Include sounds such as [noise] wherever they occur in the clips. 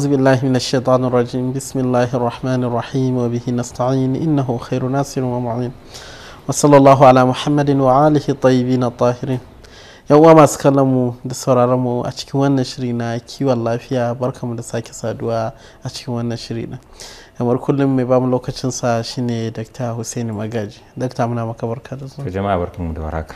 أعوذ بالله من الشيطان الرجيم بسم الله الرحمن الرحيم وبه نستعين إنه خير ناصر ومعين وصلى الله على محمد وآله الطيبين الطاهرين yawwa masu kallonmu da sauraronmu a cikin wannan shiri na kiwon lafiya barkamu da sake saduwa a cikin wannan shiri na kamar kullum mai bamu sa shine dr hussaini magaji dr muna maka barka da zuwa jama'a barkamu da waraka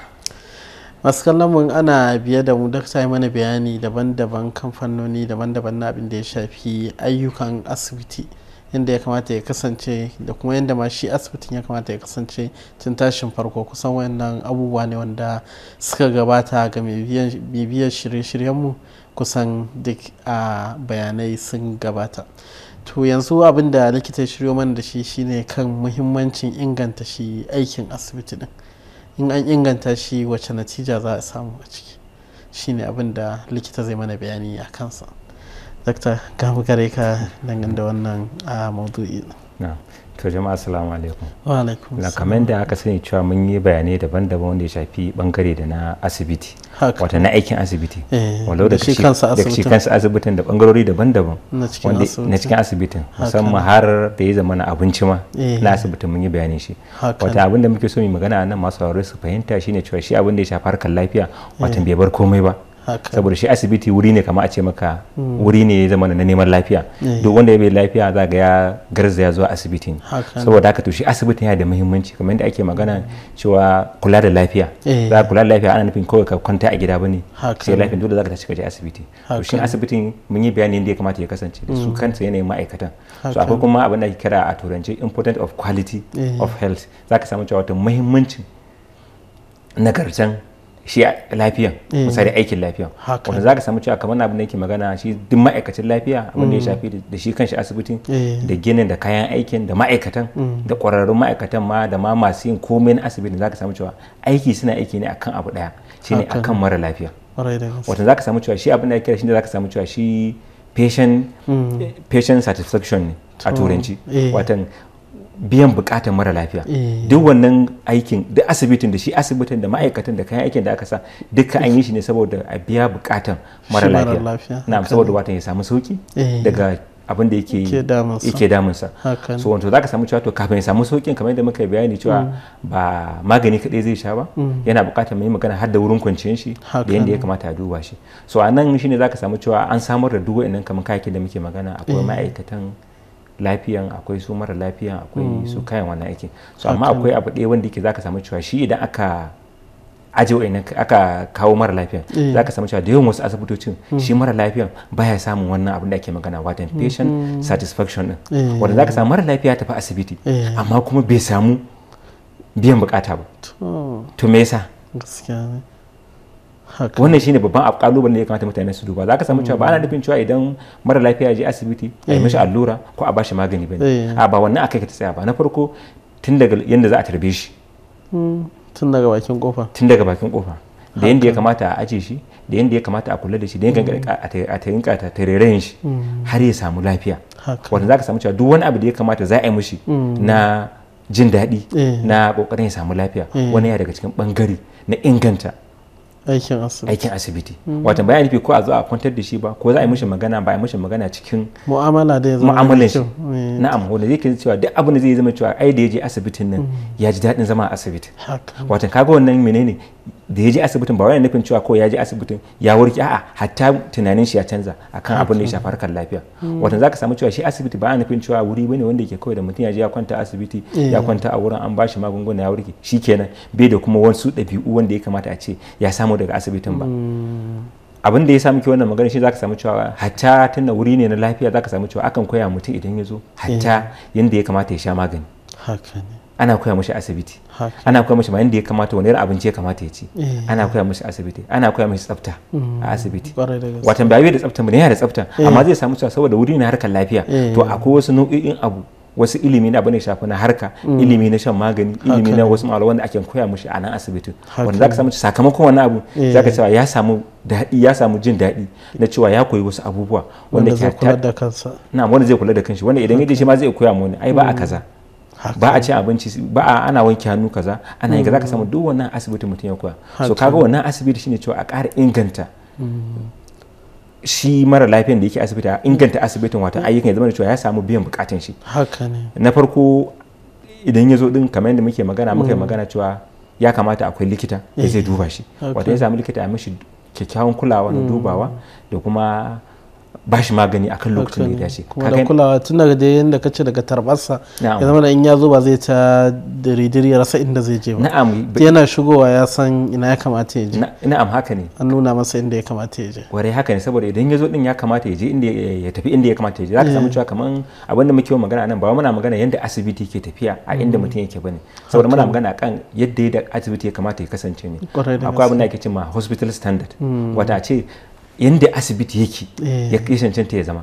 masu kallon mu ana biye da mu dakta yi mana bayani daban-daban kan fannoni daban-daban na abin da ya shafi ayyukan asibiti inda ya kamata ya kasance da kuma yadda ma shi asibitin ya kamata ya kasance tun tashin farko kusan wayannan abubuwa ne wanda suka gabata ga bibiyar shirye-shiryenmu kusan duk a bayanai sun gabata to yanzu abin da likita shiryo mana da shi shine kan muhimmancin inganta shi aikin asibiti din in an inganta shi wacce natija za a samu a ciki shine abin da likita zai mana bayani a kansa gamu gare ka dangane da wannan a ah, maudu'i to jama'a assalamu alaikum wa alaikum na kamar da aka sani cewa mun yi bayanai daban-daban wanda ya shafi bangare da na asibiti wato na aikin asibiti eh, walau da shi kansa asibitin da bangarori daban-daban na cikin asibitin musamman har da ya zama na abinci ma eh. na asibitin mun yi bayanin shi wato abin da muke so mu magana nan masu aure su fahimta shine cewa shi abin da ya shafi harkar lafiya watan eh. bai bar komai ba saboda shi asibiti wuri ne kama a ce maka hmm. wuri ne ya zama na neman lafiya eh. duk wanda ya bai lafiya za ga ya garza ya zuwa asibiti saboda haka to shi asibitin yana da muhimmanci kamar yadda ake magana hmm. cewa kula da lafiya eh. za kula da lafiya ana nufin kawai ka kwanta a gida bane sai lafiya dole za ka tashi ka je asibiti to shi asibitin mun yi bayani yadda ya kamata ya kasance da su hmm. kansa yanayin ma'aikatan so akwai kuma abin da ake kira a turanci important of quality eh. of health za ka samu cewa wata muhimmancin nagartan shi lafiyan eh. misali aikin lafiya wanda za ka samu cewa kamar abin da yake magana shi duk ma'aikacin lafiya abin da ya mm. shafi da shi kanshi asibitin eh. da ginin da kayan aikin da ma'aikatan mm. da ƙwararrun ma'aikatan ma da ma masu yin komai na asibitin za ka samu cewa aiki suna aiki ne akan abu ɗaya shine akan mara lafiya wata za ka samu cewa shi abin da ya shi ne za ka samu cewa shi patient mm. satisfaction ne a turanci eh. watan biyan bukatar mara lafiya eh. duk wannan aikin duk asibitin da shi asibitin da ma'aikatan da kayan aikin da aka sa duka an yi shi ne saboda a biya bukatar mara lafiya na saboda watan ya samu sauki eh. daga abin da yake damunsa so wanto za ka samu cewa to kafin ya samu saukin kamar yadda muka bayani cewa mm. ba magani kaɗai zai sha ba mm. yana bukatar mai magana har da wurin kwanciyar shi da yadda ya kamata a duba shi so a nan shine za ka samu cewa an samar da duk wa'annan kamar kayakin da muke magana akwai eh. ma'aikatan lafiyan akwai su mara lafiyan akwai hmm. su kayan wannan aiki so amma akwai abu ɗaya wanda yake zaka samu cewa shi idan aka aje aka kawo mara lafiyan eh. za samu cewa da yawan wasu asibitocin hmm. shi mara lafiyan baya samun wannan abin da ake magana watan hmm. patient satisfaction din eh. wanda zaka samu mara lafiya tafi asibiti eh. amma kuma bai samu biyan bukata ba to me yasa wannan shine babban kalubalen da ya kamata mutane su duba za ka samu cewa ba ana mm. nufin cewa idan mara lafiya je asibiti a yi mashi eh. allura ko a bashi magani ba ne eh. a ba wannan akai ka tsaya ba na farko tun daga yanda za a tarbe shi mm. tun daga bakin kofa tun daga bakin kofa da yanda ya kamata a aje shi da yanda ya kamata a kula da shi da yanda mm. a ta tarinka ta tarerayin shi har ya samu lafiya wanda za ka samu cewa duk wani abu da ya kamata za a yi mishi na jin daɗi eh. na ƙoƙarin ya samu lafiya wani ya daga cikin ɓangare na inganta aikin asibiti aikin asibiti wato ba ya nufi ko a zo a kwantar da shi ba ko za a yi mishi magana ba a yi mishi magana cikin mu'amala da ya zama mu'amalan shi eh. na'am wanda zai kinci cewa duk abin da zai zama cewa ai da ya je asibitin nan mm. ya ji daɗin zama a asibiti wato kaga wannan menene da ya je asibitin ba wani nufin cewa ko ya je asibitin ya warke a'a hatta tunanin shi ya canza akan abin da ya shafi harkar lafiya hmm. za zaka samu cewa shi asibiti ba nufin cewa wuri bane wanda yake kawai da mutum ya je ya kwanta asibiti ya eh. kwanta a wurin an ba shi magunguna ya warke shikenan bai da kuma wasu ɗabi'u wanda ya kamata a ce ya samu daga asibitin ba hmm. abin da ya samu ke wannan magana shi zaka samu cewa hatta tunda wuri ne na lafiya zaka samu cewa akan koya mutum idan ya zo hatta eh. yadda ya kamata ya sha magani ana koya mashi asibiti ana koya mashi ma da ya kamata wani abinci ya kamata ya ci eh. ana koya mashi asibiti ana koya mashi tsafta a mm. asibiti watan ba da tsafta ne yana da tsafta eh. amma zai samu cewa saboda wuri na harkar lafiya to eh. akwai wasu nau'o'in abu wasu ilimi na bane shafi na harka mm. ilimi na shan magani ilimi na wasu malaman wanda ake koya mashi a nan asibiti wanda zaka samu sakamakon wani abu zaka cewa ya samu daɗi ya samu jin daɗi na cewa ya koyi wasu abubuwa wanda zai kula da kansa na wanda zai kula da kanshi wanda idan ya je shi ma zai koya mu wani ai ba a mm. kaza ba a cin abinci ba a ana wanke hannu kaza ana yin kaza mm. ka samu duk wannan asibiti mutum ya koya so kaga wannan asibiti shine cewa a ƙara inganta mm. shi mara lafiyan da yake asibiti a inganta asibitin wata ayyukan ya zama cewa ya samu biyan bukatun shi na farko idan ya zo din kamar yadda muke magana muka yi mm. magana cewa ya kamata akwai likita da zai eh. duba shi wato ya samu likita a mishi kyakkyawan kulawa da dubawa da kuma ba shi magani akan lokacin da ya dace kuma da kulawa tun daga da yanda kace daga tarbarsa ya zama in ya zo ba zai ta diridiri ya rasa inda zai je ba na'am yana shigowa ya san ina ya kamata ya je na'am haka ne an nuna masa inda ya kamata ya je ware haka ne saboda idan ya zo din ya kamata ya je inda ya tafi inda ya kamata ya je zaka samu eh. cewa kaman abinda da muke magana nan ba muna magana yanda asibiti ke tafiya a inda mm. mutum yake bane saboda muna magana kan yadda asibiti ya kamata ya kasance ne akwai abin da ake cewa hospital standard mm. wata ce yadda asibiti yake eh. ya cancanta ya zama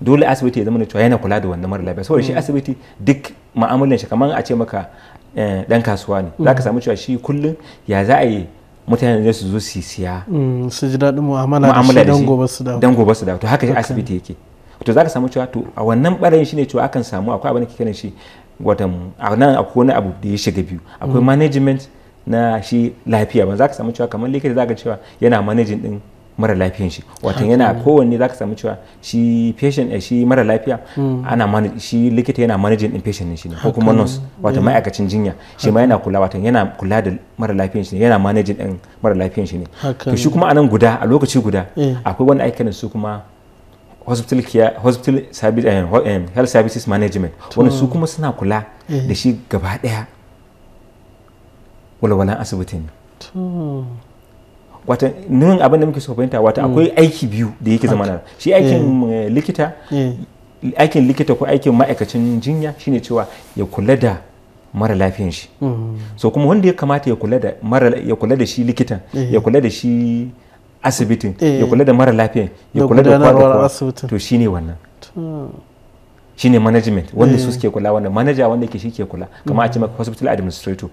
dole asibiti ya zama cewa yana kula da wannan mara lafiya saboda shi mm. asibiti duk ma'amalan shi kamar a ce maka dan eh, kasuwa ne mm. za ka samu cewa shi kullum ya za a yi mutane da su zo su siya mm, su ji daɗin mu'amala da shi dan gobe su dawo to haka shi asibiti yake to za ka samu cewa to a wannan ɓarayin shi ne cewa akan samu akwai abin da ke kiran shi watan a nan akwai wani abu da ya shiga biyu akwai management na shi lafiya ba za ka samu cewa kamar likita za ka cewa yana managing din mara lafiyan shi wato yana kowanne zaka samu cewa shi patient eh, shi mara lafiya hmm. ana shi likita yana managing din patient shi ne ko kuma nurse watan hmm. ma'aikacin jinya shi ma yana kula watan yana kula da mara lafiyan shi ne yana managing din mara lafiyan shi ne to shi kuma anan guda a lokaci guda eh. akwai wani aikin su kuma hospital care hospital service eh, health services management wani su kuma suna kula da shi gaba daya walwalan asibitin wata nan abin da muke so fahimta wata akwai mm. aiki biyu da yake zama nan shi aikin mm. eh, likita mm. aikin likita ko aikin ma'aikacin jinya shine cewa ya kula da mara lafiyan shi so kuma wanda ya kamata ya kula da mara ya kula da shi likitan ya kula da shi asibitin ya kula da mara lafiyan ya kula da kwana to shine wannan shine management wanda su suke kula wanda manager wanda ke shi ke kula kamar a ce maka hospital administrator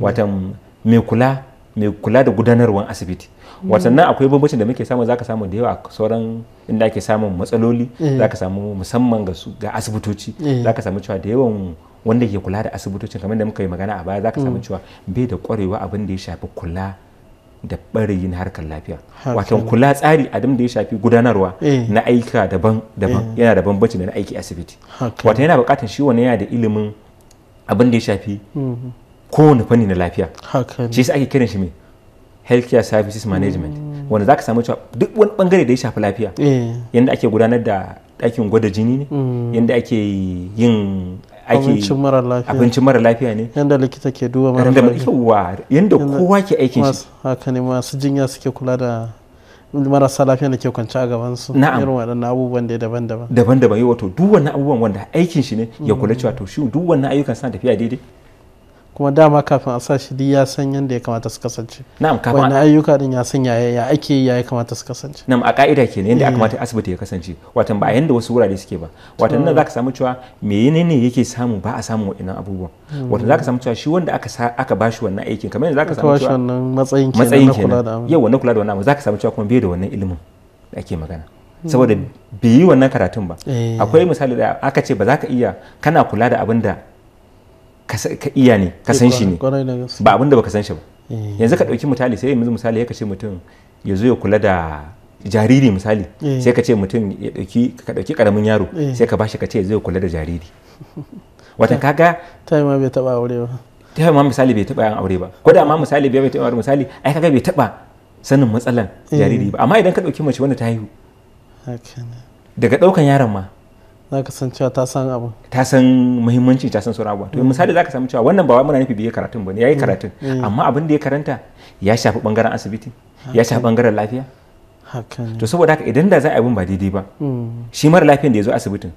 watan mai kula mai kula da gudanarwar asibiti mm. watannan akwai bambancin da muke samu zaka samu da yawa a sauran inda ake samun matsaloli mm. zaka samu musamman ga ga asibitoci mm. zaka samu cewa da yawan wanda ke kula da asibitoci kamar da muka yi magana a baya zaka samu cewa bai da kwarewa abin da ya shafi kula da barayin harkar lafiya wato kula tsari abin da ya shafi gudanarwa na aika daban daban yana da bambanci da na aiki asibiti wato yana bukatar shi wani yana da ilimin abin da ya shafi mm-hmm. kowane fanni na lafiya shi yasa ake kiran shi mai healthcare services management wanda za ka samu cewa duk wani bangare da ya shafi lafiya eh. yadda ake gudanar da ɗakin gwada jini ne mm. yadda ake yin abincin mara lafiya ne yadda likita ke duba mara lafiya yadda kowa ke aikin shi haka ne masu jinya suke kula da marasa lafiya da ke kwanci a gaban su irin waɗannan abubuwan da daban-daban daban-daban yi wato duk wannan abubuwan wanda aikin shi ne ya kula cewa to shi duk wannan ayyukan suna tafiya daidai kuma dama kafin a sa shi duk ya san yadda ya kamata su kasance na'am kafin wannan ayyuka din ya san yaya ya ake ya ya kamata su kasance na'am a ka'ida ke yadda ya eh. kamata asibiti ya kasance watan ba a yanda wasu wurare suke ba watan nan zaka samu cewa menene yake samu ba a samu waɗannan abubuwan hmm. watan zaka samu cewa shi wanda aka aka bashi wannan aikin kamar yadda zaka samu cewa matsayin kenan na kula da yau wannan kula da wannan zaka samu cewa kuma bai da wannan ilimin da ake magana hmm. saboda bai yi wannan karatun ba eh. akwai misali da aka ce ba za ka iya kana kula da abin da ka iya ne ka san shi ne eh, ba abinda ka san shi ba eh. yanzu ka ɗauki misali sai yanzu misali ya kace mutum ya zo ya kula da jariri misali eh. sai ka ce mutum ya ɗauki ka ɗauki ƙaramin yaro sai ka bashi ka ce ya zo ya kula da jariri wata kaga ta ma bai taɓa aure ba ta ma misali bai taɓa yan aure ba ko da ma misali bai taɓa aure misali ai kaga bai taɓa sanin matsalan jariri ba amma idan ka ɗauki mace wanda ta haihu daga ɗaukan yaron ma za ka san cewa ta san abu ta san muhimmanci ta san sauran abu to mm. misali za ka samu cewa wannan ba wai muna nufi bai karatun ba ne yayi mm. karatun mm. amma abin da ya karanta ya shafi bangaren asibiti ya shafi bangaren lafiya to saboda haka idan da za a yi ba daidai ba shi mara lafiyan da ya zo asibitin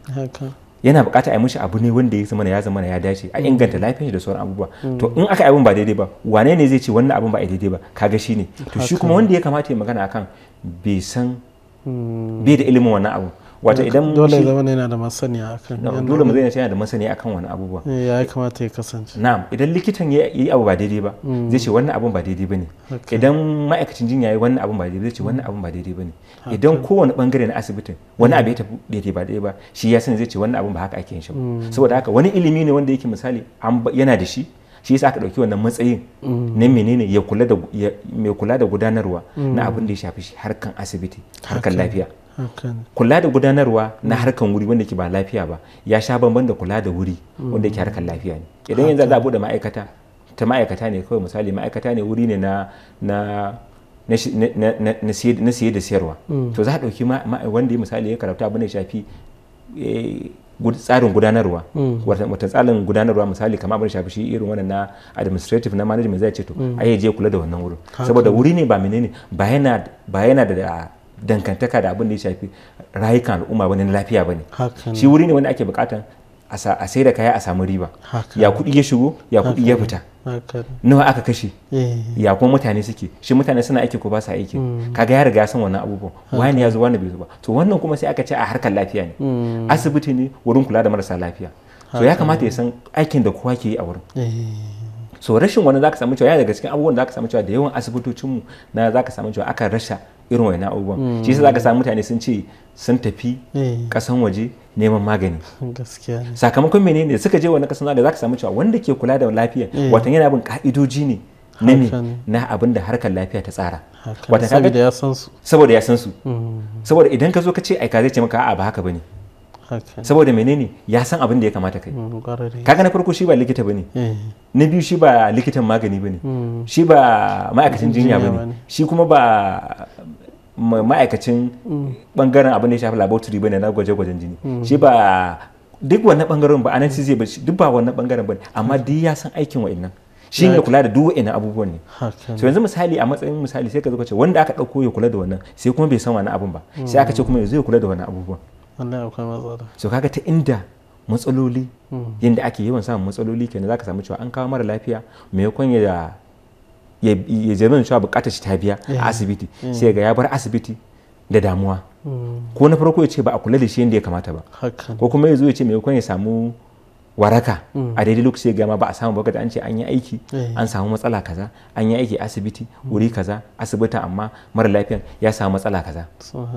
yana bukata a yi mishi abu ne wanda ya zama ya zama ya dace a inganta shi da sauran abubuwa to in aka yi abin ba daidai ba wane ne zai ce wannan abin ba a daidai ba kaga shi ne to shi kuma wanda ya kamata ya magana akan bai san bai da ilimin wannan abu wata idan dole zama yana da masaniya akan dole mazai zai yana da masaniya akan wani abubuwa eh, ya kamata ya kasance na'am idan likitan ya yi abu ba daidai ba mm. zai ce wannan abun ba daidai bane idan ma'aikacin jinya ya yi wannan abun ba daidai zai ce wannan mm. abun ba daidai bane idan kowane bangare na asibitin wani mm. abu ya tafi daidai ba daidai ba shi ya sani zai ce wannan abun ba haka ake yin shi ba saboda haka wani ilimi ne wanda yake misali yana da shi shi yasa aka ɗauki wannan matsayin na menene ya kula da gudanarwa na abin da ya shafi harkan asibiti harkan lafiya kula da gudanarwa na harkan wuri wanda ke ba lafiya ba ya sha bamban da kula da wuri wanda ke harkan lafiya ne idan yanzu za a bude ma'aikata ta ma'aikata ne kawai misali ma'aikata ne wuri ne na na siye da siyarwa hmm. to za a ɗauki wanda ya misali ya karabta abin da shafi eh, tsarin gudanarwa hmm. wata tsarin gudanarwa misali kamar abin shafi shi irin wannan na administrative na management zai ce to hmm. ai je kula da wannan wurin saboda wuri ne ba menene ba yana da dangantaka da abin da ya shafi rayukan al'umma bane na lafiya bane shi wuri ne wanda ake bukata a sai da kaya a samu riba ya kudi ya shigo ya kudi ya fita nawa aka kashe eh. ya kuma mutane suke shi mutane suna aiki ko ba sa aiki hmm. kaga ya riga san wannan abubuwan wani ya zo wani bai zo ba to wannan kuma sai aka ce a harkar lafiya ne hmm. asibiti ne wurin kula da marasa lafiya to ya kamata ya san aikin da kowa ke yi a wurin eh. so rashin wani zaka samu cewa ya daga cikin abubuwan zaka samu cewa da yawan asibitocin mu na zaka samu cewa aka rasha irin wannan abubuwan mm. shi yasa zaka samu mutane sun ce sun tafi kasan eh. waje neman magani gaskiya sakamakon menene suka je wannan kasan waje zaka samu cewa wanda ke kula da lafiya eh. watan yana bin ka'idoji ne na ne na abin da harkar lafiya ta tsara wata saboda ya san su mm. saboda idan ka zo ka ce ai ka zai ce maka a'a ba haka bane saboda menene ya san abin da ya kamata kai mm, kaga na farko shi ba likita bane eh. na biyu shi ba likitan magani bane mm. shi ba ma'aikacin jinya bane shi kuma ba ma'aikacin bangaren mm. abin da ya shafi laboratory bane na gwaje-gwajen jini shi ba duk wannan bangaren ba anan zai ba duk ba wannan bangaren bane amma duk ya san aikin wa'annan shi ne kula da duk wa'annan abubuwan ne so yanzu misali a matsayin misali sai ka zo ka ce wanda aka dauko ya kula da wannan sai kuma bai san wannan abun ba sai aka ce kuma yanzu ya kula da wannan abubuwan Suka ga ta inda matsaloli hmm. yadda ake yawan samun matsaloli kenan zaka samu cewa an kawo mara lafiya maimakon ya ya zama cewa bukatar shi ta biya a asibiti sai ga ya bar asibiti da damuwa hmm. ko na farko ya ce ba a kula da shi yadda ya kamata ba ko kuma ya zo ya ce maimakon ya samu waraka hmm. a daidai lokaci ga ma ba a samu bakata an ce an yi aiki an samu matsala kaza an yi aiki asibiti wuri kaza asibitin amma mara lafiyan ya samu matsala kaza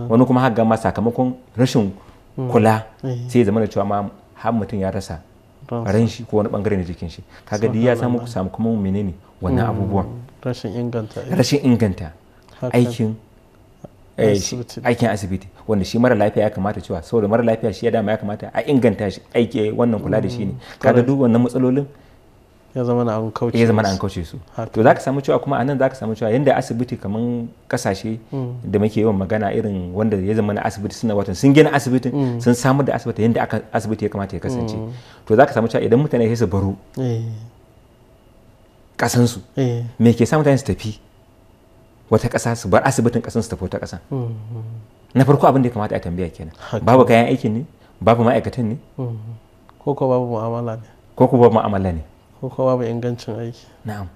wani kuma haka ma sakamakon rashin Hmm. kula eh. sai zama da cewa ma har mutum ya rasa ran shi ko wani bangare na jikin shi kaga duk ya samu ku samu kuma menene wannan hmm. abubuwan rashin inganta rashin inganta aikin eh, aikin asibiti wanda shi mara lafiya ya kamata cewa saboda mara lafiya shi ya dama ya kamata a inganta shi aiki wannan kula da shi ne hmm. kaga duk wannan matsalolin ya zama na an kauce ya zama na an kauce su to za ka samu cewa kuma anan ka samu cewa yadda asibiti kamar kasashe mm. da muke yawan magana irin wanda ya zama na asibiti suna watan sun gina asibitin mm. sun samar da asibiti yadda asibiti ya kamata ya kasance mm. to za ka samu cewa idan mutane sai su baro eh. kasansu. Eh. me ke sa mutane su tafi wata kasa su bar asibitin kasan su tafi wata kasa mm-hmm. na farko abin da ya kamata a tambaya kenan babu kayan aikin ne babu ma'aikatan ne mm-hmm. ko ko babu mu'amala ne ko ko babu mu'amala ne ko kuma ba ingancin aiki na'am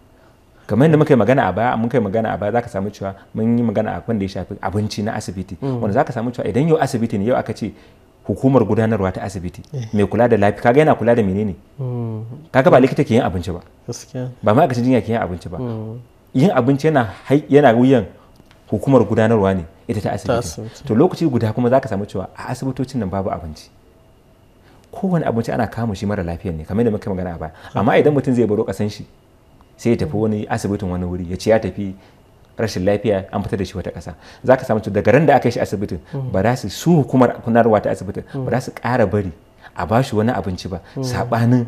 kamar yadda muka yi magana a baya mun kai magana a baya zaka samu cewa mun yi magana a da ya shafi abinci na asibiti mm. wanda zaka samu cewa idan yau asibiti ne yau aka ce hukumar gudanarwa ta asibiti eh. mai kula da lafiya kaga yana kula da menene mm. kaga ba likita ke yin abinci ba ba ma akacin jinya ke yin abinci ba mm. yin abinci yana yana wuyan hukumar gudanarwa ne ita ta asibiti to lokaci guda kuma zaka samu cewa a asibitocin nan babu abinci kowane abinci ana kama shi mara lafiya ne kamar da muka magana a baya amma idan mutum zai baro kasan shi sai ya tafi wani asibitin wani wuri ya ce ya tafi rashin lafiya an fitar da shi wata kasa za ka samu daga ran da aka yi shi asibitin mm. ba za su su hukumar kunarwa ta asibitin mm. ba za su ƙara bari a ba shi wani abinci ba mm. saɓanin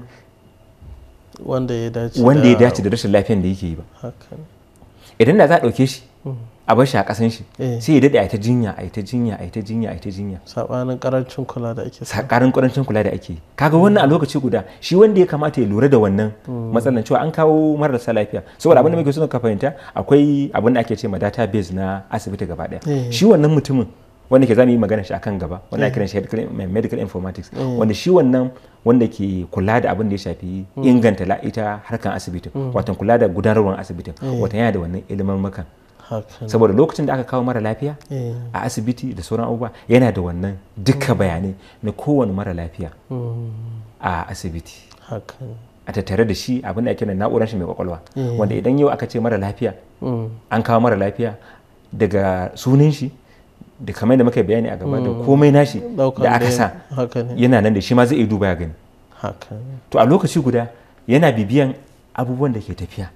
wanda ya dace da rashin lafiyan da yake yi ba idan da za a ɗauke shi a bar shi a kasan shi eh. sai ya dade a ta jinya a ta jinya a ta jinya a ta jinya sabanin karancin kula da ake sakarin karancin kula da ake kaga wannan a lokaci guda shi wanda ya kamata ya lura da wannan hmm. matsalan cewa an kawo marasa lafiya saboda abin da muke suna ka fahimta akwai abin ake ce ma database na asibiti gaba daya eh. shi wannan mutumin wanda ke zamu yi magana shi akan gaba wanda ake eh. kiransa shi medical informatics wanda shi wannan wanda ke kula da abin da ya shafi hmm. inganta ita harkan asibitin hmm. watan kula da gudanarwar asibitin watan yana da wannan ilimin makan saboda lokacin da aka kawo mara lafiya eh. a asibiti da sauran abubuwa yana da wannan duka mm. bayanai na kowane mara lafiya mm. a asibiti a tattare da shi abin da ake nan na'urar shi mai kwakwalwa eh. wanda idan yau aka ce mara lafiya mm. an kawo mara lafiya daga sunan shi da kamar da muka bayani a gaba da komai nashi da aka sa yana nan da shi ma zai iya duba ya gani to a lokaci guda yana bibiyan abubuwan da ke tafiya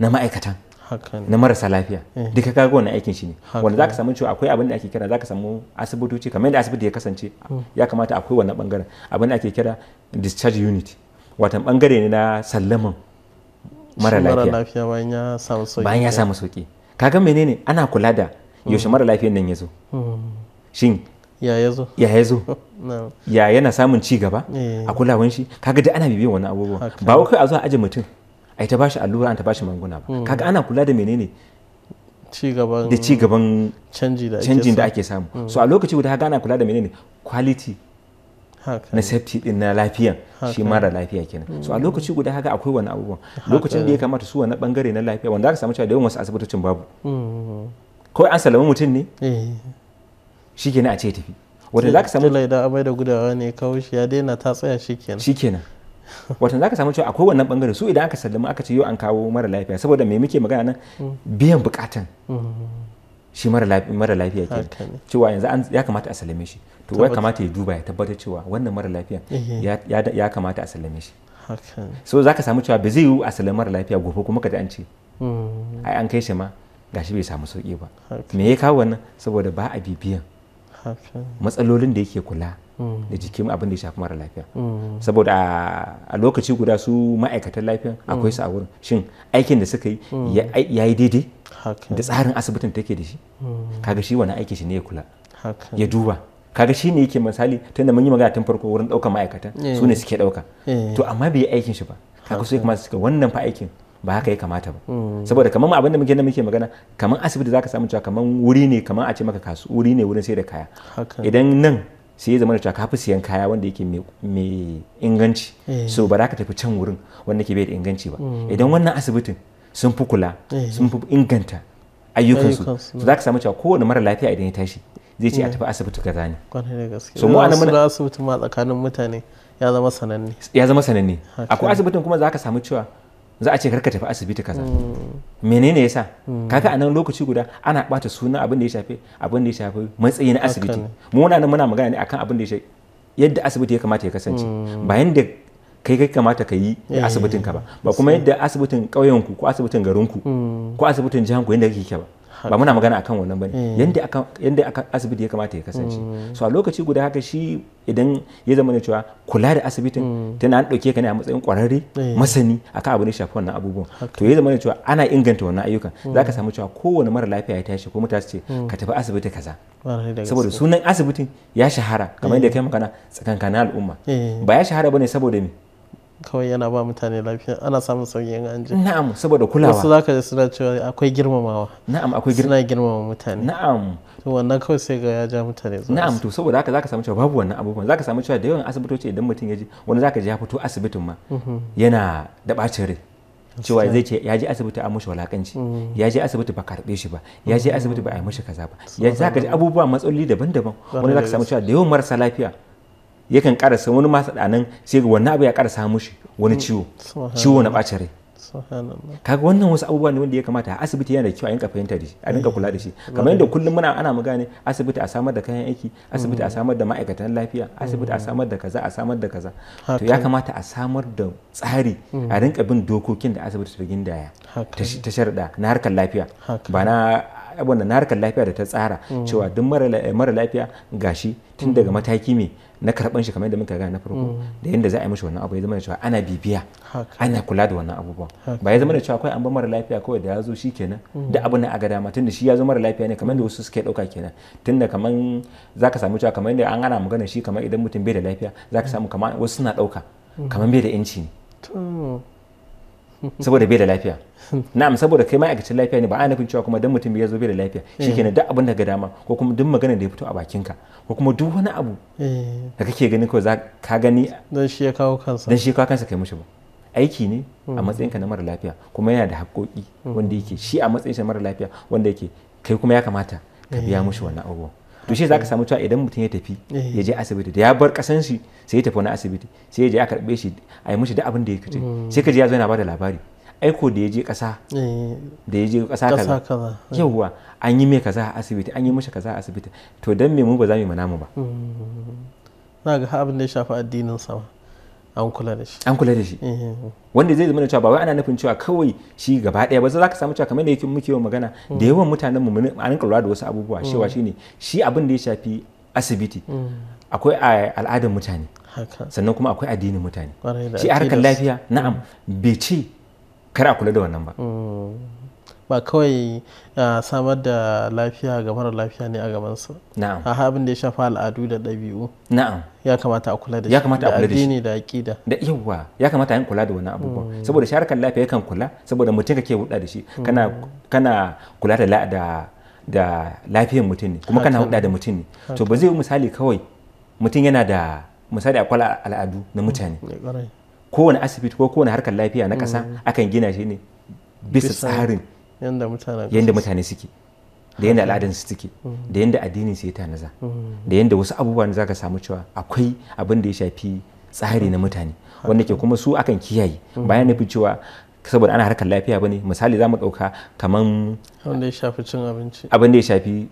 na ma'aikatan na marasa lafiya eh. duka kaga wani aikin shi ne wanda ka samu cewa akwai abin da ake kira za ka samu asibitoci kamar yadda asibiti ya kasance hmm. ya kamata akwai wannan bangaren abin da ake kira discharge unit watan bangare ne na sallaman mara lafiya bayan ya samu sauki kaga menene ana kula da hmm. yaushe mara lafiyan nan ya zo hmm. shin ya ya zo ya ya zo [laughs] ya yana samun ci gaba eh. a kulawan shi kaga duk ana bibiyan wani abubuwa ba wai kai a zo a aje mutum a ta bashi allura an ta bashi manguna ba hmm. kaga ana kula da menene da ci gaban canjin da ake samu hmm. so a lokaci guda kaga ana kula da menene quality na safety din na lafiyan shi mara lafiya kenan so a hmm. lokaci guda haka akwai wani abubuwan lokacin da ya kamata su wani bangare na lafiya wanda aka samu cewa da yawan wasu asibitocin babu kawai an salami mutum ne eh. shi kenan a ce tafi wanda za ka samu da amai da gudawa ne kawai shi ya daina ta tsaya shi kenan watan zaka samu cewa akwai wannan bangare su idan aka sallama aka ce yau an kawo mara lafiya saboda me muke magana nan biyan bukatan shi mara lafiya ke cewa yanzu ya kamata a sallame shi to ya kamata ya duba ya tabbatar cewa wannan mara lafiya ya kamata a sallame shi so za ka samu cewa ba zai yiwu a sallame mara lafiya gobe kuma ka ji an ce hmm. ai an kai shi ma gashi bai samu sauki ba me ya kawo wannan saboda ba a bibiyan matsalolin da yake kula da jikin abin da ya shafi mara lafiya mm. saboda a lokaci guda su ma'aikatan lafiya mm. akwai su a wurin shin aikin da suka yi mm. ya yi daidai da tsarin asibitin take da shi kaga shi wani aiki shi ne ya kula ya duba kaga shi ne yake misali tunda mun yi magana tun farko wurin ɗaukar ma'aikata eh. su ne suke ɗauka eh. to amma bai yi aikin shi ba kaga su ya kamata suka wannan fa aikin ba haka ya kamata ba saboda kamar abin da muke nan muke magana kamar asibiti zaka samu cewa kamar wuri ne kamar a ce maka kasu wuri ne wurin sai da kaya idan nan sai ya zama da ka fi siyan kaya wanda yake mai inganci eh. so ba za ka tafi can wurin wanda ke bai da inganci ba hmm. idan wannan asibitin sun fi kula eh. sun fi inganta ayyukansu za ka eh. samu cewa kowane mara lafiya idan ya tashi zai ce a hmm. tafi asibiti kaza ne so mu anan asibiti ma tsakanin mutane ya zama sananne ya zama sananne akwai asibitin kuma za ka samu cewa za a ce karka tafi asibiti kaza mm. menene yasa mm. kaga a nan lokaci guda ana bata sunan abin da ya shafe abin da ya shafe matsayi na asibiti mu nan muna magana ne akan abin da ya shafe yadda asibiti ya kamata ya kasance mm. ba yanda kai kai kamata ka yi eh. asibitin ka ba ba kuma yadda asibitin ƙauyenku ko asibitin garinku ko asibitin jihanku yadda kake ba ba muna magana akan wannan bane eh. yanda aka yanda aka asibiti ya kamata ya kasance mm. so a lokaci guda haka shi idan ya zama ne cewa kula da asibitin mm. tana an dauke ka ne a matsayin kwararre eh. masani akan abin da shafi wannan abubuwan to ya zama ne cewa ana inganta wannan ayyukan mm. zaka samu cewa kowane mara lafiya ya tashi ko mutane ce ka tafi asibiti kaza saboda sunan asibitin ya shahara kamar yadda eh. kai magana tsakankanin al'umma ba ya shahara bane saboda me kawai yana ba mutane lafiya ana samun sauki in an na'am saboda kulawa wasu zaka ji suna cewa akwai girmamawa na'am akwai girma. suna girmama mutane na'am to wannan kawai sai ga ya ja mutane zuwa na'am to saboda haka zaka samu cewa babu wannan abubuwan zaka samu cewa da yawan asibitoci idan mutum ya ji wani zaka ji ya fito asibitin ma mm-hmm. yana da bacin rai cewa zai ce ya je asibiti an mushi walakanci ya mm-hmm. je asibiti ba karbe shi ba ya je asibiti ba a mm-hmm. yi mushi kaza ba ya zaka ji abubuwa matsaloli daban-daban wani zaka samu cewa da yawan marasa lafiya yakan karasa wani masa danan sai ga wannan abu ya karasa mushi wani mm. ciwo ciwo na bacin rai kaga wannan wasu abubuwa ne wanda ya kamata asibiti yana da kyau a yanka fahimta da shi a dinka kula da shi mm. kamar yadda kullum muna ana magana asibiti a samar da kayan aiki asibiti a mm. samar da ma'aikatan lafiya asibiti a samar da kaza a samar da kaza to ya kamata a samar da tsari a rinka bin dokokin da asibiti ta gindaya ta sharda na harkar lafiya ba na wannan na harkar lafiya da ta tsara mm. cewa duk eh, mara lafiya gashi tun daga mm. mataki mai na karban shi kamar yadda muka gaya na farko mm. da yadda za a yi mishi wannan abu ya zama da cewa ana bibiya ana kula da wannan abubuwan ba ya zama da cewa kawai an ba mara lafiya kawai da ya zo shi kenan da abu na ga dama tunda shi ya zo mara lafiya ne kamar da wasu suke dauka kenan tunda kamar ka samu cewa kamar yadda an ana magana shi kamar idan mutum bai da lafiya ka samu kamar wasu suna dauka kamar bai da yanci ne saboda bai da lafiya na'am saboda kai ma'aikacin lafiya ne ba a nufin cewa kuma dan mutum ya zo bai da lafiya eh. shikenan duk abin da ga dama ko kuma duk magana da ya fito a bakin ka ko kuma duk wani abu eh. da kake gani ko za ka gani dan shi ya kawo kansa dan shi ya kawo kansa kai mushi ba aiki ne a hmm. matsayinka na mara lafiya kuma yana da haƙoƙi hmm. wanda yake shi a matsayin shi mara lafiya wanda yake kai kuma ya kamata ka eh. biya mushi wannan abubuwan to shi zaka samu cewa idan mutum ya tafi eh. ya je asibiti da ya bar kasan shi sai ya tafi wani asibiti sai ya je a karbe shi a yi mishi da abin da ya kace hmm. sai ka je ya zo yana bada labari aiko da ya je kasa eh. da ya je kasa kaza yawwa an yi mai kaza a asibiti an yi mishi kaza a asibiti to dan me mu ba za mu yi mu ba na hmm. ga abin da ya shafi addinin sama an kula da shi an kula da shi eh. wanda zai zama da cewa ba wai ana nufin cewa kawai shi gaba daya ba za ka samu cewa kamar da yake muke yawan magana da yawan mutanen mu an rinka lura da wasu abubuwa cewa mm. shine shi abin da ya shafi asibiti mm. akwai al'adar mutane sannan kuma akwai addinin mutane shi harkar lafiya na'am bai ce kar a kula da wannan ba mm. ba kawai samar da lafiya ga mara lafiya ne a gabansu na'am a abin da ya shafa al'adu da ɗabi'u na'am ya kamata a kula da shi ya kamata a kula da shi da aƙida da yawa ya kamata a kula da wani abubuwa. Hmm. saboda shi lafiya yakan kula saboda mutum kake hulɗa da shi kana hmm. kula da da lafiyar mutum ne kuma kana hulɗa da mutum ne to ba zai yi misali kawai mutum yana da misali akwai al'adu na mutane hmm, kowane asibiti ko kowane harkar lafiya na ƙasa akan gina shi ne bisa tsarin yadda mutane suke da yadda al'adansu suke mm. da yadda addinin su ya tanaza mm. da yadda wasu abubuwan za ka samu cewa akwai abin da ya shafi tsari na mutane wanda ke kuma su akan kiyaye mm. bayan nufin cewa saboda ana harkar lafiya bane misali za mu ɗauka kaman abin da ya shafi cin abinci abin da ya shafi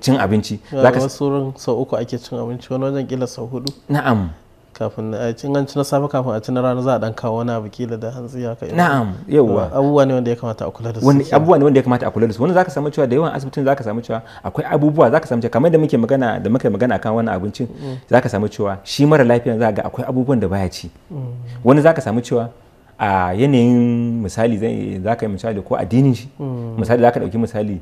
cin abinci za ka sa sau uku ake cin abinci wani wajen kila sau hudu na'am kafin a ci an ci na safe kafin a ci na rana za a dan kawo wani abu kila da hantsi haka na'am yawa abubuwa ne wanda ya kamata a kula da su wani abubuwa ne wanda ya kamata a kula da su wani zaka samu cewa da yawan asibitin zaka samu cewa akwai abubuwa zaka samu cewa kamar da muke magana da muke magana kan wannan abincin mm. zaka samu cewa shi mara lafiya za ga akwai abubuwan da baya ci mm. wani zaka samu cewa a yanayin misali zan zaka yi misali ko addinin shi mm. misali za ka ɗauki misali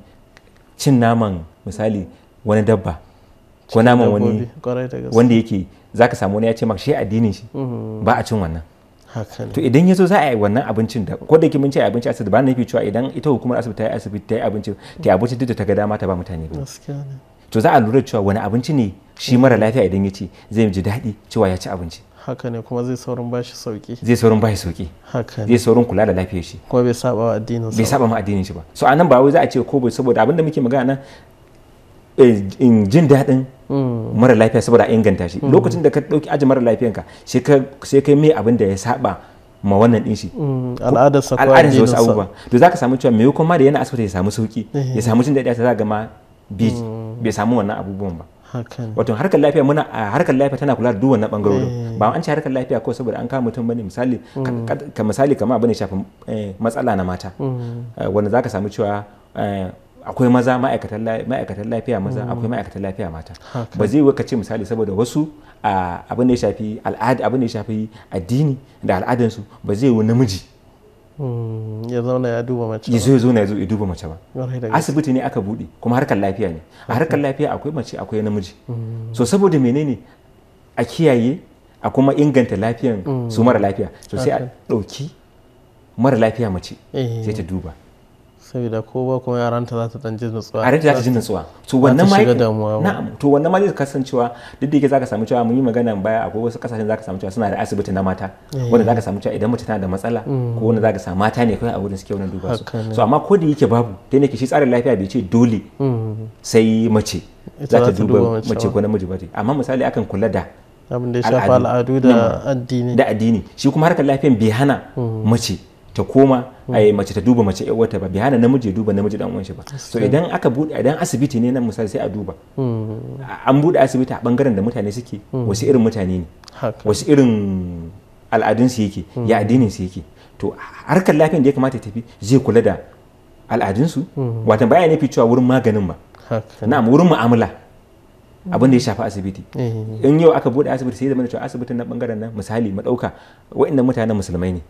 cin naman misali wani dabba ko naman wani wanda yake za ka samu wani ya ce maka shi addinin shi mm-hmm. ba a cin wannan to idan ya zo za a yi wannan abincin da ko da ke mun ce abinci asibiti ba na fi cewa idan ita hukumar asibiti ta yi asibiti ta yi abinci ta yi abinci duk da ta ga dama ta ba mutane ba to za a lura cewa wani abinci ne shi mara mm-hmm. lafiya idan ya ci zai ji daɗi cewa ya ci abinci haka ne kuma zai saurin bashi sauki zai saurin shi sauki haka zai saurin kula da lafiyar shi kuma bai saba wa addinin bai saba ma addinin shi ba so anan ba wai za a ce ko bai saboda abinda muke magana nan eh, jin daɗin mara lafiya saboda inganta shi mm. lokacin da ka dauki aji mara lafiyanka sai kai mai abin da ya saba ma wannan din shi al'adar sa al'adar wasu abubuwa to zaka samu cewa mai kuma da yana asibiti ya samu sauki eh. ya samu jin daɗi ta zaga ma mm. bai samu wannan abubuwan ba wato harkar lafiya muna harkar lafiya tana kula da duk wannan bangarorin eh. ba an ce harkar lafiya ko saboda an kama mutum bane misali ka mm. misali kamar abin da shafi eh, matsala na mata wanda zaka samu cewa akwai maza ma'aikatan lafiya maza hmm. akwai ma'aikatan lafiya mata ba zai waka ce misali saboda wasu abin da ya shafi al'ada abin da ya shafi addini da al'adansu ba zai wa namiji hmm, ya zauna ya duba mace ba asibiti ne aka bude kuma harkar lafiya ne a harkar lafiya akwai mace akwai namiji hmm. so saboda menene a kiyaye a kuma inganta lafiyan su mara lafiya so sai a ɗauki mara lafiya mace eh. sai ta duba saboda ko ba kuma ta za ta dan jin nutsuwa a za ta jin nutsuwa to wannan ma shiga damuwa na'am to wannan ma zai kasancewa duk da yake zaka samu cewa mun yi magana baya a wasu kasashen zaka samu cewa suna da asibiti na mata eh. wanda zaka samu cewa idan mace tana da matsala mm. ko wanda zaka samu mata ne kai a wurin suke wannan duba su so amma ko da yake babu dai ne ke shi tsarin lafiya bai ce dole mm. sai mace za ta duba mace ko namiji ba amma misali akan kula da abin da ya shafa al'adu da addini da addini shi kuma harkar lafiyan bai hana mm. mace ta koma yi mm. mace ta duba mace wata ba bai hana namiji ya duba namiji dan uwanshi ba so idan aka bude idan asibiti ne nan misali sai a duba mm. an bude asibiti a bangaren da mutane suke mm. wasu irin mutane ne wasu irin al'adun su yake ya addinin su yake to harkar lafiyan da ya kamata ya tafi zai kula da al'adunsu watan baya ne cewa wurin maganin ba na'am wurin mu'amala abin da ya shafi asibiti eh. in yau aka bude asibiti sai zama da cewa asibitin na bangaren nan misali madauka ɗauka mutanen musulmai ne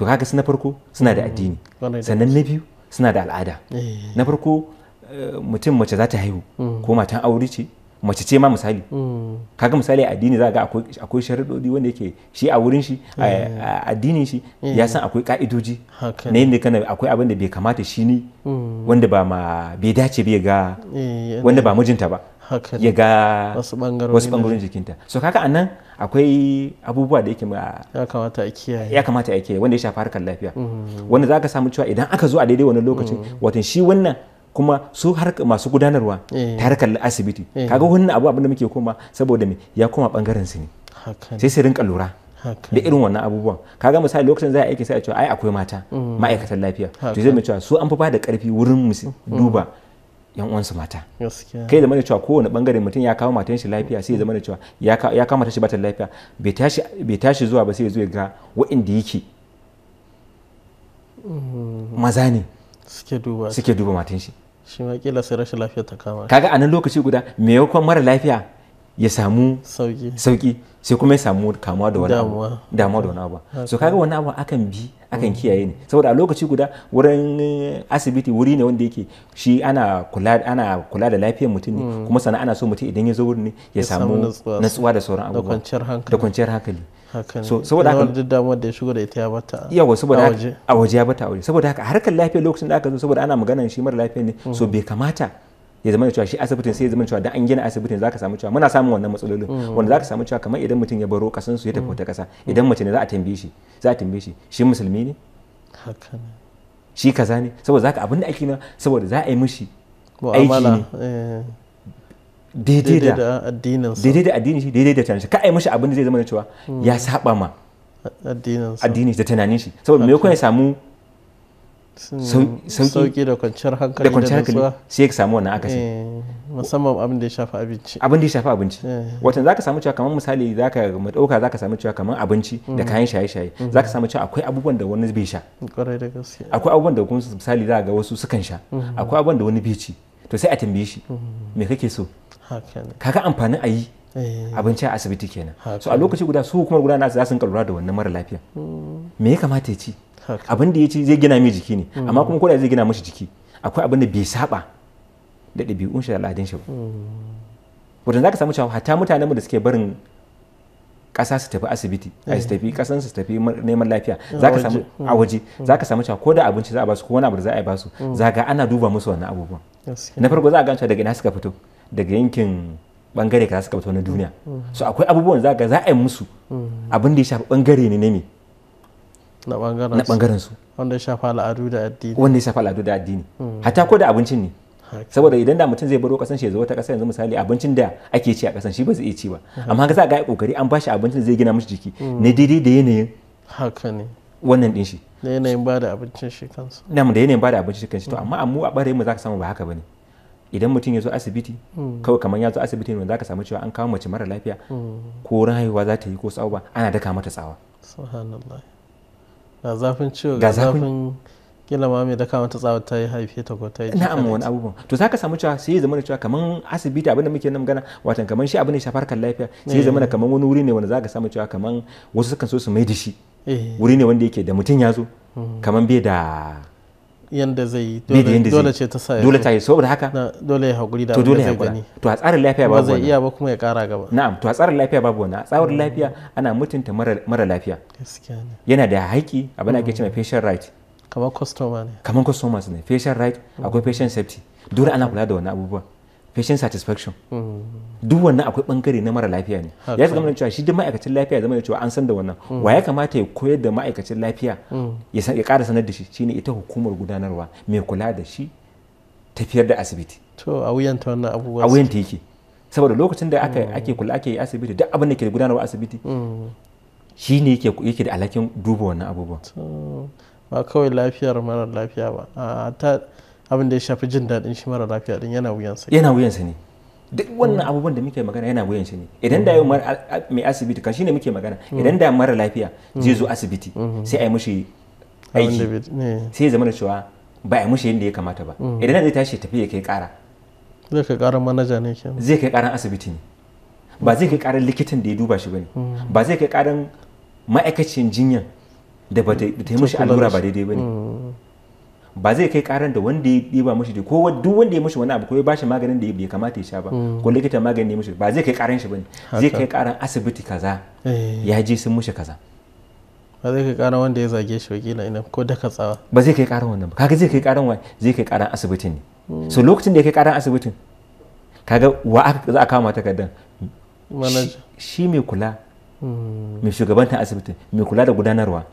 to kaga su na farko suna da addini mm, sannan na biyu suna da al'ada eh. na farko eh, mutum mace za ta haihu mm. ko matan aure ce mace ce ma misali mm. kaga misali addini za ga akwai sharuɗoɗi wanda yake shi a wurin shi eh. addinin shi ya san akwai ka'idoji na yadda kana akwai abin da bai kamata shi ne. wanda ba ma bai dace bai ga wanda ba mijinta ba ya ga wasu bangarorin jikinta so kaka a nan akwai abubuwa da yake ya kamata a kiyaye ya kamata a kiyaye wanda ya shafi harkar lafiya mm. wanda ka samu cewa idan aka zo a daidai wani lokacin mm. watan shi wannan kuma su har masu gudanarwa eh. ta harkar asibiti eh. kaga wannan abu abin da muke koma saboda me ya koma bangaren su ne sai su rinka lura da irin wannan abubuwan kaga misali lokacin za a aiki sai a cewa ai akwai mata mm. ma'aikatan lafiya to zai mu cewa su an fi ba da karfi wurin mu duba yan uwansu mata kai zama da cewa kowane bangare mutum ya kawo matan shi lafiya sai ya zama da cewa ya kawo matan shi bata lafiya bai tashi zuwa ba sai zuwa ga waɗanda yake mm. maza ne suke duba matan shi shi ma kila sai rashin lafiya ta kama kaga a nan lokaci guda me yakon mara lafiya ya samu sauki sai kuma ya samu kamuwa da wani abu damuwa da wani abu so kaga wani abu akan bi akan kiyaye ne saboda a lokaci guda wurin eh, asibiti wuri ne wanda yake shi ana kula ana kula da lafiyar mutum ne hmm. kuma sana ana so mutum idan ya zo wurin ne ya samu natsuwa da sauran abubuwa da kwanciyar hankali so saboda haka duk damuwar da ya shigo da ita ya bata yawa saboda haka a waje ya bata a waje saboda haka harkar lafiyar lokacin da aka zo saboda ana maganar shi mara lafiya ne hmm. so bai kamata ya zama cewa shi asibitin sai ya zama cewa dan an gina asibitin zaka samu cewa muna samun wannan matsalolin mm. wanda zaka samu cewa kamar idan mutum ya baro kasan su ya tafi wata kasa idan mace ne za a tambaye shi za a tambaye shi shi musulmi ne haka shi kaza ne saboda zaka abin da ake na saboda za a yi mishi aiki ne eh, daidai da addinin daidai da addinin shi daidai da tunanin shi ka yi mishi abin da zai zama cewa ya mm. saba ma addinin shi da tunanin shi saboda me ya samu Hmm, sauki da kwanciyar hankali da kwanciyar hankali sai ka samu wannan akasin eh, musamman abin da ya shafi abinci abin da ya shafi abinci eh. watan zaka samu cewa kamar misali zaka mu dauka zaka samu cewa kamar abinci hmm. da kayan shaye shaye hmm. zaka samu cewa akwai abubuwan da wani bai sha akwai abubuwan da kuma misali za ga wasu sukan sha akwai abubuwan da wani bai ci to sai a tambaye shi me kake so kaga amfanin a yi eh. abinci a asibiti kenan so a lokaci guda su hukumar guda nasu za su lura da wannan mara lafiya me ya kamata ya ci abin da ya ci zai gina mai jiki ne hmm. amma kuma koda zai gina mashi jiki akwai abin da bai saba da ɗabi'un shi da al'adun shi ba hmm. wajen za ka samu cewa hatta mutanen da suke barin ƙasa su tafi asibiti a su hmm. tafi ƙasan su tafi neman lafiya za ka samu a waje za ka samu cewa ko da abinci za a basu ko wani abu da za a basu za ga ana duba musu wannan abubuwan na farko za a gancewa daga ina suka fito daga yankin bangare ka za su fito na duniya so akwai abubuwan za ga za a yi musu abin da ya shafi bangare ne na me na bangaren su wanda ya shafa al'adu da addini wanda ya shafa al'adu da addini hmm. hatta ko da abincin ne saboda idan da mutum zai baro kasan shi ya zo ta kasa yanzu misali abincin da ake ci a kasan shi ba zai iya ci ba amma ga za ga kokari an bashi abincin da zai gina mishi jiki hmm. ne daidai da yanayin haka ne wannan din shi da yanayin ba da abincin shi kansa da mu da yanayin ba da abincin shi kansa to amma amma a bare mu zaka samu ba haka bane idan mutum ya zo asibiti hmm. kawai kamar ya zo asibiti ne zaka samu cewa an kawo mace mara lafiya ko wurin haihuwa za ta yi ko tsawa ana daka mata tsawa subhanallah ga zafin ciwo ga zafin kila ma mai daka mata tsawon ta yi haife ta ko ta yi na'am wani abubuwan to zaka samu cewa sai zama da cewa kamar asibiti abin da muke nan gana watan kamar shi abin da shafar kan lafiya sai eh. zama da wani wuri ne wanda zaka samu cewa kamar wasu sukan so su mai da shi eh. wuri ne wanda yake da mutum ya zo hmm. kamar bai da yanda zai yi dole ce ta sa dole ta yi saboda haka dole ya haƙuri da dole ya gani to a tsarin lafiya babu zai iya ba kuma ya ƙara gaba na'am to a tsarin lafiya babu wani a tsarin mm. lafiya ana mutunta mara lafiya yana da haƙƙi abin da ake mm. cewa patient right kamar customer ne kamar customer ne patient right mm. akwai patient safety dole ana kula da wani abubuwa patient satisfaction duk wannan akwai bangare na mara lafiya ne ya zama da cewa shi duk ma'aikacin lafiya zama da cewa an san da wannan mm. wa ya kamata ya koyar da ma'aikacin lafiya mm. ya ƙara sanar da shi shine ita hukumar gudanarwa mai kula da shi tafiyar da asibiti to a wuyanta wannan abubuwa a wuyanta yake saboda lokacin da aka mm. ake kula ake asibiti duk abin da ke gudanarwa asibiti shi ne yake da alhakin duba wannan abubuwa. ba kawai lafiyar mara lafiya ba abin da ya shafi jin daɗin shi mara lafiya din yana wuyansa yana wuyansa ne duk wannan abubuwan da muke magana yana wuyan ne idan da yau mai asibiti kan shine muke magana mm. idan da mara lafiya mm. zai zo asibiti mm-hmm. sai a yi mishi aiki sai ya zama da cewa ba a yi mishi yadda ya kamata ba mm. idan zai tashi tafi ya kai kara zai kai karan manaja ne ke. zai kai karan asibiti ne ba zai kai karan likitan da ya duba shi bane ba zai kai karan ma'aikacin jinya da ba ta yi mishi allura ba daidai ba ne. ba zai kai karan da wanda ya ba mashi ko duk wanda ya mashi wani abu ko ya bashi maganin da ya kamata ya sha ba mm. ko likita magani ya mashi ba zai kai karan shi bane zai kai karan asibiti kaza eh. ya je sun mashi kaza ba zai kai karan wanda ya zage shi wakila ina ko da katsawa ba zai kai karan wannan ba kaga zai kai karan wai zai kai karan asibiti ne so mm. lokacin da ya kai karan asibitin kaga wa za a kama takardar shi mai kula Hmm. mai shugabantar asibitin mai kula da gudanarwa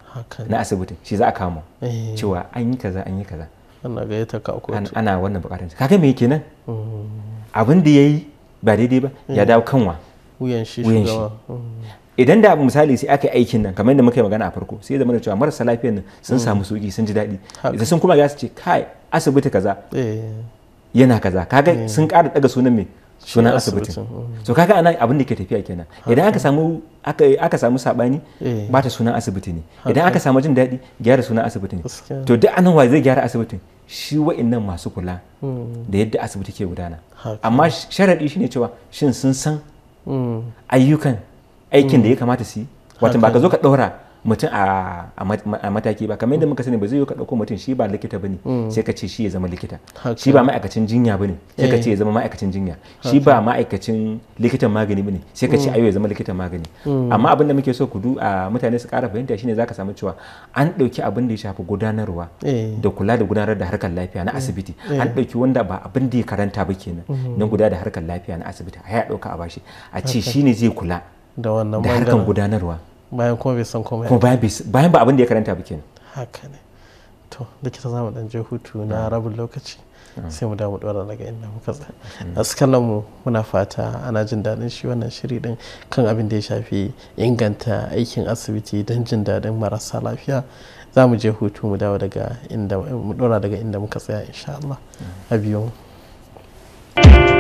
na asibitin shi za a kama eh. cewa an yi kaza an yi kaza ana gayyata ka kotu ana wannan bukatun kaga me kenan hmm. abin da yayi ba daidai ba ya eh. dawo kanwa wuyan shi hmm. idan da misali sai aka yi aikin nan kamar yadda muka yi magana a farko sai zama da cewa marasa lafiyan nan sun samu sauki sun ji daɗi da sun kuma ga su ce kai asibiti kaza eh. yana kaza kaga sun ƙara daga sunan mai sunan asibitin so mm. kaga ana abin da ke tafiya kenan idan aka samu aka samu sabani eh. ba ta sunan asibiti ne idan aka samu jin daɗi gyara sunan asibiti ne to duk anan wa zai gyara asibitin shi wa'annan masu kula hmm. da yadda asibiti ke gudana amma sharaɗi shine cewa shin sun san hmm. ayyukan aikin da ya hmm. kamata su yi wato ba ka zo ka ɗora mutum a mataki ba kamar yadda muka sani ba zai yi ka ɗauko mutum shi ba likita bane mm. sai ka ce shi ya zama likita shi ba ma'aikacin jinya bane sai ka ce eh. ya zama ma'aikacin jinya shi ba ma'aikacin likitan magani bane sai ka ce mm. ayo ya zama likitan magani mm. amma abin da muke so ku du a mutane su ƙara fahimta shine zaka samu cewa an ɗauki abin da ya shafi gudanarwa eh. da kula da gudanar da harkar lafiya na eh. asibiti an ɗauki wanda ba abin da ya karanta ba kenan mm-hmm. na guda da harkar lafiya na asibiti a ya ɗauka a bashi a ce shine zai kula da harkar gudanarwa bayan kuma bai san komai kuma bayan ba abin ya karanta ba kenan haka ne to likita za mu dan je hutu na ah. rabin lokaci ah. sai mu damu dora daga inda muka tsaya mm. a skalan mu muna fata ana jin daɗin shi wannan shiri din kan abin da ya shafi inganta aikin asibiti don jin daɗin marasa lafiya za mu je hutu mu dawo daga inda mu dora daga inda muka tsaya insha Allah mm. a biyo mu